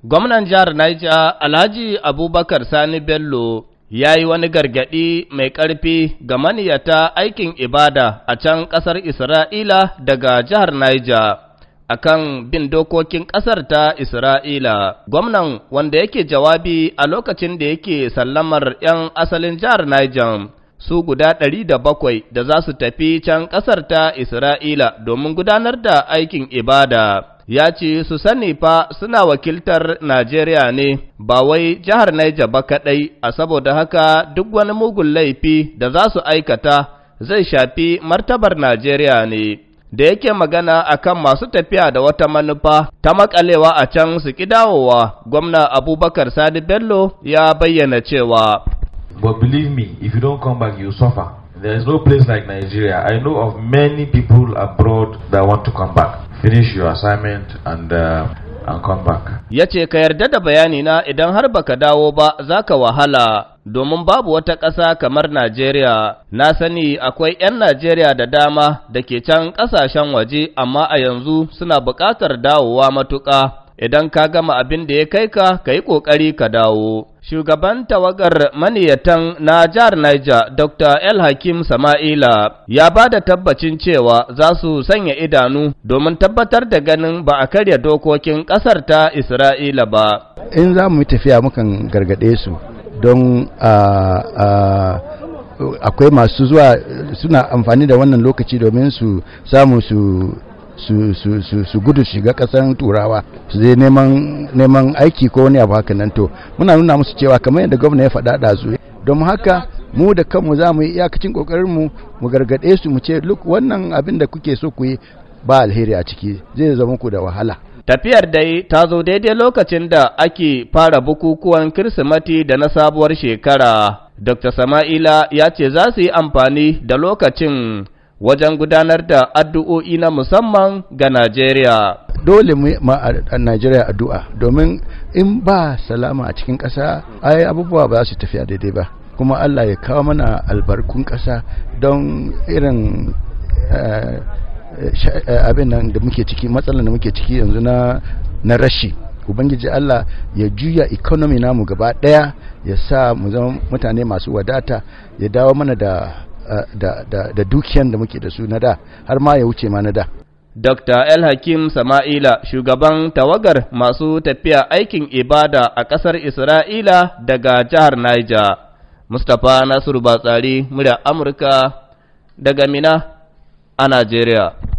Gwamnan jihar Niger Alhaji Abubakar Sani Bello ya yi wani gargaɗi mai ƙarfi ga maniyata aikin ibada a can ƙasar Isra'ila daga jihar Niger. a kan bin dokokin ƙasar ta Isra'ila. Gwamnan wanda yake jawabi a lokacin da yake sallamar ‘yan asalin jihar Niger su guda ɗari da bakwai da za su tafi can ƙasar ta Isra'ila domin gudanar da aikin ibada. ya ce su sani fa suna wakiltar Najeriya ne ba wai jihar Niger ba kaɗai a saboda haka duk wani mugun laifi da za su aikata zai shafi martabar Najeriya ne. Da yake magana akan masu tafiya da wata manufa ta makalewa a can su ki dawowa, gwamna Abubakar Sadi Bello ya bayyana cewa. But believe me, if you don't come back, you suffer. There is no place like Nigeria. I know of many people abroad that want to come back. finish your assignment uh, and come back. Ya ce ka yarda da bayani na idan har baka dawo ba za ka wahala domin babu wata ƙasa kamar Najeriya. Na sani akwai 'yan Najeriya da dama da ke can ƙasashen waje amma a yanzu suna buƙatar dawowa matuƙa. idan ka gama abin da ya kai ka ka yi ƙoƙari ka dawo. Shugaban tawagar maniyatan na jihar Niger, Dr. El Hakim Sama'ila, ya ba da tabbacin cewa za su sanya idanu domin tabbatar da ganin ba a karya dokokin ƙasar ta Isra'ila ba. In za mu tafiya mukan gargaɗe su don akwai masu zuwa suna amfani da wannan lokaci domin su samu su su gudu shiga kasar turawa su je neman aiki ko wani abu haka nan to muna nuna musu cewa kamar yadda gwamna ya faɗa ɗazu don haka mu da kanmu za mu yi iyakacin ƙoƙarinmu mu gargaɗe su mu ce duk wannan abin da kuke so ku yi ba alheri a ciki zai zama ku da wahala Tafiyar dai ta zo daidai lokacin da ake fara bukukuwan Kirsimati da na sabuwar shekara. Dr. Sama'ila ya ce za su yi amfani da lokacin wajen gudanar da addu'o'i na musamman ga Najeriya. dole mu ma a Najeriya addu'a domin in ba salama a cikin ƙasa ai abubuwa ba za su tafiya daidai ba kuma Allah ya kawo mana albarkun ƙasa don irin eh, eh, abin nan da muke ciki matsalar da muke ciki yanzu na na rashi ubangiji Allah ya juya economy namu gaba ɗaya ya sa mu zama mutane masu wadata ya dawo mana da da dukiyan da muke da su na da har ma ya wuce ma na da Dr. El Hakim Sama'ila, shugaban tawagar masu tafiya aikin ibada a ƙasar Isra'ila daga jihar Niger. Mustapha Nasiru Batsari, murya Amurka daga Mina a Najeriya.